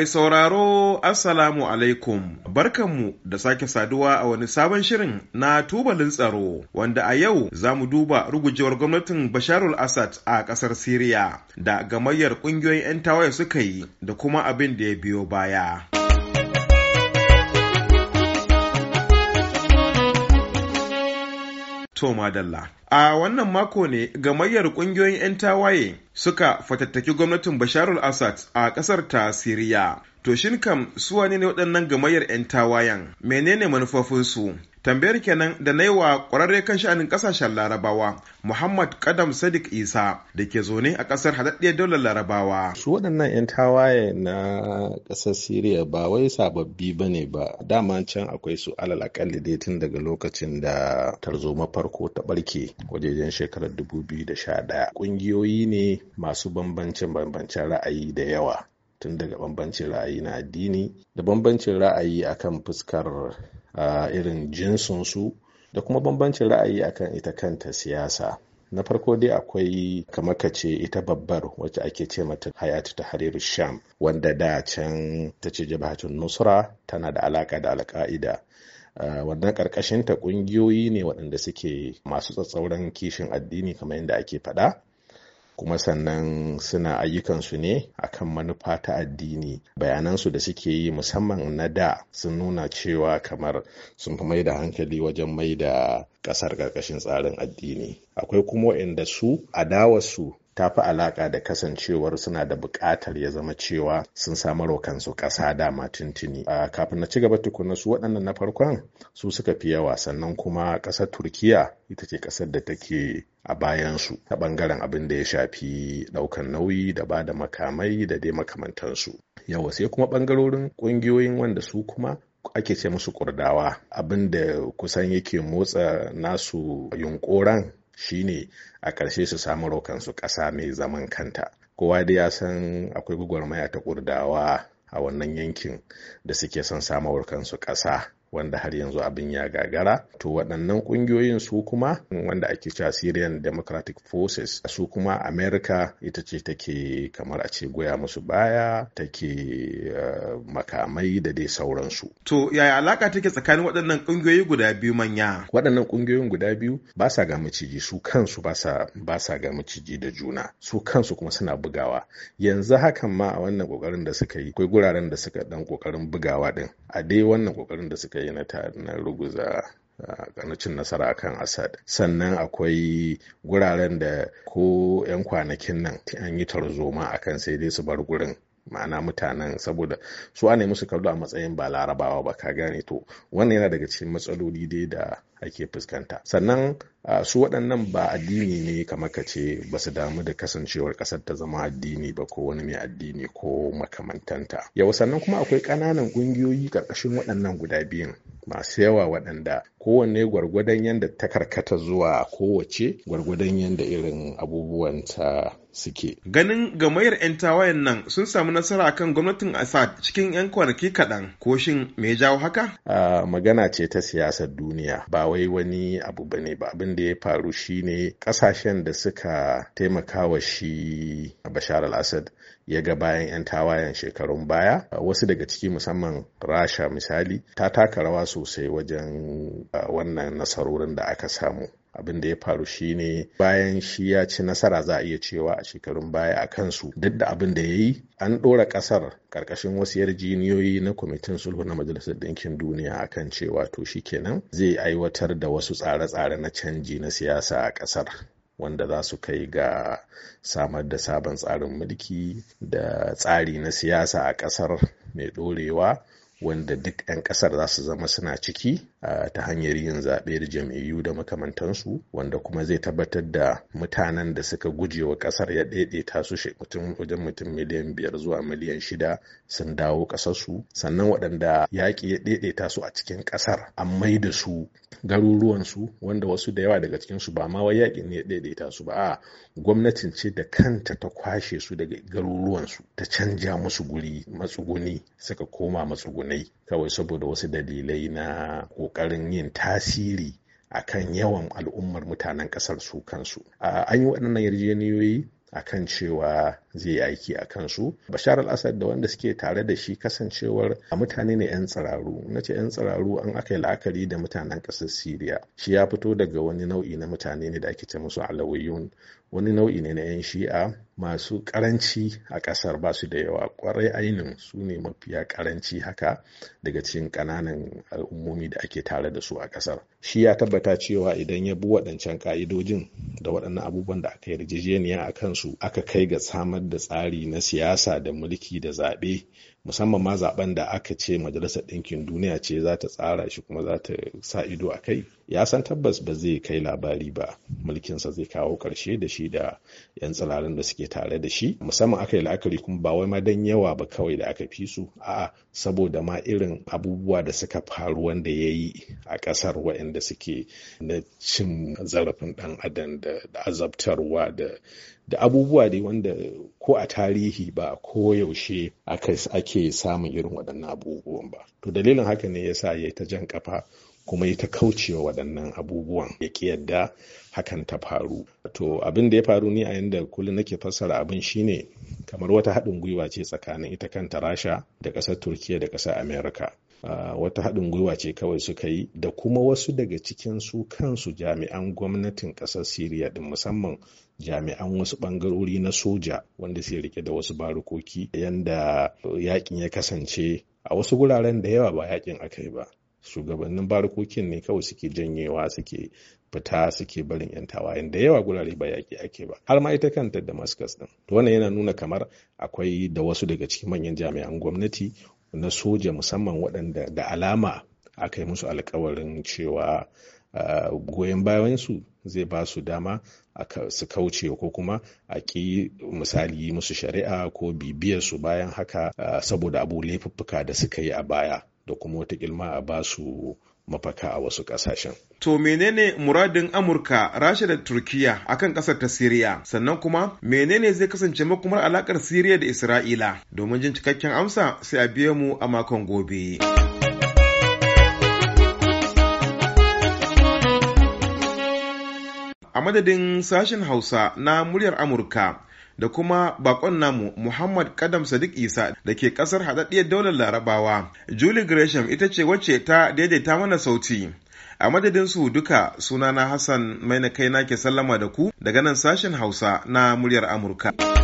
Mai sauraro Assalamu alaikum barkanmu da sake saduwa a wani sabon shirin na tubalin tsaro wanda a yau za mu duba rugujewar gwamnatin Basharul Asad a ƙasar Siriya da gamayyar ƙungiyoyin 'yan tawaye suka yi da kuma abin da ya biyo baya. To madalla. a wannan mako ne gamayyar ƙungiyoyin 'yan tawaye suka fatattaki gwamnatin basharul assad a ƙasar ta siriya to shin kam su wane ne waɗannan gamayyar 'yan tawayen menene manufofinsu tambayar kenan da na yi wa ƙwararre kan sha'anin kasashen larabawa muhammad kadam sadiq isa da ke zaune a ƙasar haɗaɗɗiyar daular larabawa su waɗannan 'yan tawaye na ƙasar siriya ba wai sababbi ba ne ba dama can akwai su alal akalli dai tun daga lokacin da tarzoma farko ta ɓarke wajejen shekarar dubu biyu da sha 2011 ƙungiyoyi ne masu bambancin bambancin ra'ayi da yawa tun daga bambancin ra'ayi na addini da bambancin ra'ayi akan fuskar irin jinsinsu da kuma bambancin ra'ayi akan ita kanta siyasa na farko dai akwai kamar ka ce ita babbar wacce ake ce mata hayatu ta hariru sham wanda da can ta ce jabahatun nusra tana da alaka da alka'ida wannan karkashin ta kungiyoyi ne waɗanda suke masu tsatsauran kishin addini kamar yadda ake faɗa kuma sannan suna ayyukansu ne akan manufa ta addini bayanansu da suke yi musamman na da sun nuna cewa kamar sun fi mai da hankali wajen mai da ƙasar ƙarƙashin tsarin addini akwai kuma inda su adawarsu ta fi alaƙa da kasancewar suna da buƙatar ya zama cewa sun samarwa kansu ƙasa dama tuntuni. Kafin na ci gaba tukuna su waɗannan na farkon su suka fi yawa sannan kuma ƙasar Turkiya ita ce ƙasar da take a bayansu ta ɓangaren abin da ya shafi ɗaukan nauyi da ba da makamai da dai makamantansu. Yawa sai kuma ɓangarorin ƙungiyoyin wanda su kuma ake ce musu kurdawa abin da kusan yake motsa nasu yunkoran shine a ƙarshe su samu kansu ƙasa mai zaman kanta kowa da ya san akwai maya ta ƙurdawa a wannan yankin da suke son samawar kansu ƙasa wanda har yanzu abin ya gagara to waɗannan ƙungiyoyin su kuma wanda ake cewa Syrian Democratic Forces su kuma America ita ce take kamar a ce goya musu baya take eh, makamai da dai sauransu to yaya alaka take tsakanin waɗannan ƙungiyoyi guda biyu manya waɗannan ƙungiyoyin guda biyu ba sa ga maciji su kansu ba sa ga maciji da juna su kansu kuma suna bugawa yanzu hakan ma a wannan ƙoƙarin da suka yi akwai guraren da suka ɗan ƙoƙarin bugawa ɗin a dai wannan ƙoƙarin da suka ta yi na ruguza ah, na cin nasara kan Asad, Sannan akwai guraren da ko 'yan kwanakin nan an yi tarzoma akan sai dai su bar gurin ma'ana mutanen saboda su ne musu kallo a matsayin ba larabawa ba ka gane to wannan yana daga cikin matsaloli dai da ake fuskanta sannan su waɗannan ba addini ne kamar ka ce ba su damu da kasancewar ƙasar ta zama addini ba ko wani mai addini ko makamantanta yau sannan kuma akwai ƙananan ƙungiyoyi ƙarƙashin waɗannan guda biyun masu yawa waɗanda kowanne gwargwadon yadda ta karkata zuwa kowace gwargwadon yadda irin abubuwan ta suke. Ganin mayar 'yan tawayen nan sun samu nasara kan gwamnatin Assad cikin 'yan kwanaki kaɗan ko shin me jawo haka? magana ce ta siyasar duniya ba wai wani abu ba ne ba abin da ya faru shine kasashen da suka taimaka wa shi bashar al-assad ya ga bayan 'yan tawayen shekarun baya wasu daga ciki musamman rasha misali ta taka rawa sosai wajen ah, wannan nasarorin da aka samu abin da ya faru shine bayan shi ya ci nasara za a iya cewa a shekarun baya a kansu duk da abin da ya yi an ɗora ƙasar ƙarƙashin wasu yarjiniyoyi na kwamitin sulhu na majalisar ɗinkin duniya a kan cewa to shi kenan zai aiwatar da wasu tsare-tsare na canji na siyasa a ƙasar wanda za su kai ga samar da sabon tsarin mulki da tsari na siyasa a ƙasar mai ɗorewa wanda duk 'yan kasar za su zama suna ciki ta hanyar yin zaɓe da jam'iyyu da makamantansu wanda kuma zai tabbatar da mutanen da suka guje wa kasar ya daidaita su mutum wajen mutum miliyan biyar zuwa miliyan shida sun dawo kasarsu sannan waɗanda yaƙi ya daidaita su a cikin ƙasar, an mai da su garuruwansu wanda wasu da yawa daga su ba ma wai yaƙi ne ya daidaita su ba a gwamnatin ce da kanta ta kwashe su daga garuruwansu ta canja musu guri matsuguni suka koma matsuguni bayanai kawai saboda wasu dalilai na ƙoƙarin yin tasiri akan yawan al'ummar mutanen ƙasar su kansu an yi waɗannan yarjejeniyoyi akan cewa zai yi aiki a kansu bashar al-assad da wanda suke tare da shi kasancewar a mutane ne 'yan tsiraru na ce 'yan tsiraru an aka yi la'akari da mutanen ƙasar syria shi ya fito daga wani nau'i na mutane ne da ake ce musu alawiyun wani nau'i ne na 'yan shi'a masu karanci a ƙasar ba su da yawa kwarai ainin su ne mafiya karanci haka daga cikin ƙananan al'ummomi da ake tare da su a ƙasar shi ya tabbata cewa idan ya bi waɗancan ka'idojin da waɗannan abubuwan da aka yarjejeniya a kansu aka kai ga samar samar da tsari na siyasa da mulki da zaɓe musamman ma zaben da aka ce majalisar ɗinkin duniya ce za ta tsara shi kuma za ta sa ido a kai ya san tabbas ba zai kai labari ba mulkinsa zai kawo ƙarshe da shi da 'yan tsirarin da suke tare da shi musamman aka yi la'akari kuma ba wai ma dan yawa ba kawai da aka fi su a'a saboda ma irin abubuwa da suka faru wanda ya yi a ƙasar waɗanda suke na cin zarafin ɗan adam da azabtarwa da abubuwa dai wanda ko a tarihi ba ko yaushe ake samun irin waɗannan abubuwan ba to dalilin haka ne yasa ya yi ta jan kafa kuma ya ta kaucewa waɗannan abubuwan ya ki yadda hakan ta faru to abin da ya faru ni a yadda kullum nake fassara abin shine kamar wata haɗin gwiwa ce tsakanin ita kanta rasha da ƙasar turkiya da ƙasar amerika wata haɗin gwiwa ce kawai suka yi da kuma wasu daga cikin su kansu jami'an gwamnatin ƙasar siriya din musamman jami'an wasu bangarori na soja wanda suke rike da wasu barukoki yanda yakin ya kasance a wasu guraren da yawa ba yakin aka yi ba shugabannin barukokin ne kawai suke janyewa suke fita suke barin yan tawayen da yawa gurare ba yaƙi ake ba har ma ita kanta damascus din to wannan yana nuna kamar akwai da wasu daga cikin manyan jami'an gwamnati na soja musamman waɗanda da alama aka yi musu alkawarin cewa goyon bayansu zai ba su dama su kauce ko kuma a ƙi misali yi musu shari'a ko bibiyar su bayan haka saboda abu laifuffuka da suka yi a baya da kuma wata ilma a ba su mafaka a wasu kasashen. To menene muradin Amurka, Rasha da Turkiya akan ƙasar ta Siriya? Sannan kuma menene zai kasance makumar alakar Siriya da Isra'ila? Domin jin cikakken amsa sai a biye mu a makon gobe. a madadin sashen hausa na muryar amurka da kuma bakon namu Muhammad Kadam Sadiq Isa da ke kasar haɗaɗɗiyar daular Larabawa. Julie Gresham ita ce wacce ta daidaita mana sauti. A madadin su duka sunana Hassan mai na na ke sallama da ku daga nan sashen Hausa na muryar Amurka.